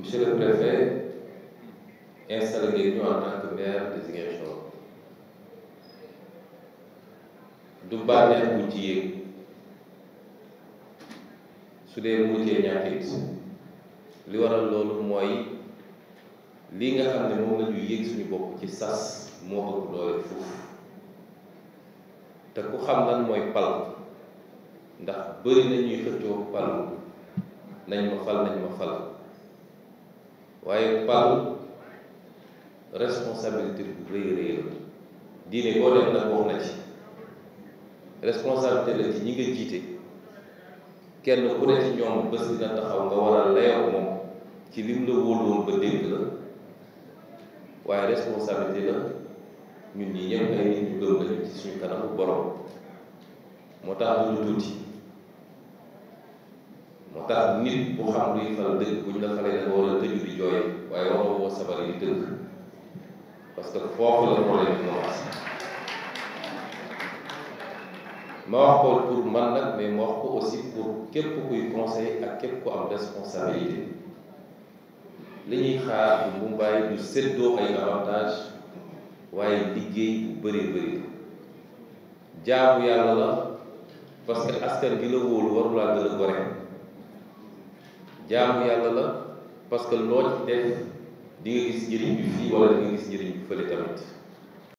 monsieur le préfet installé ngeen ñu en tant que maire de Ziguinchor du bànneex bu ci yéeg su dee mujjee ñàkkit li waral loolu mooy lii nga xam ne moom la ñu suñu bopp ci sas moo ëpp doole foofu te ku xam lan mooy pal ndax bëri na ñuy xëccoo palu nañ ma fal nañ ma fal waaye palu responsabilité bu rëy rëy la diine boo dem nag wax na ci responsabilité la ci ñi nga jiite kenn ku ne ci ñoom bés dina taxaw nga war a moom ci lim la wóoloon ba dégg la waaye responsabilité la ñun ñi ñëpp ay nit ñu gëm lañu ci suñu kanamu borom moo tax duñu tuuti moo tax nit bu xam luy fal dëgg buñ la falee parce que foofu la problème bi commencé ma wax ko pour man nag mais ma wax ko aussi pour képp kuy conseil ak képp ku am responsabilité li ñuy xaar bu Mumbaay du séddoo ay avantage waaye liggéey bu bëri bëri jaamu yàlla la parce que askan gi la wóolu waru laa gën a jaamu yàlla la parce que loo di nga gis njëriñ bi fii wala di nga gis njëriñ bi fële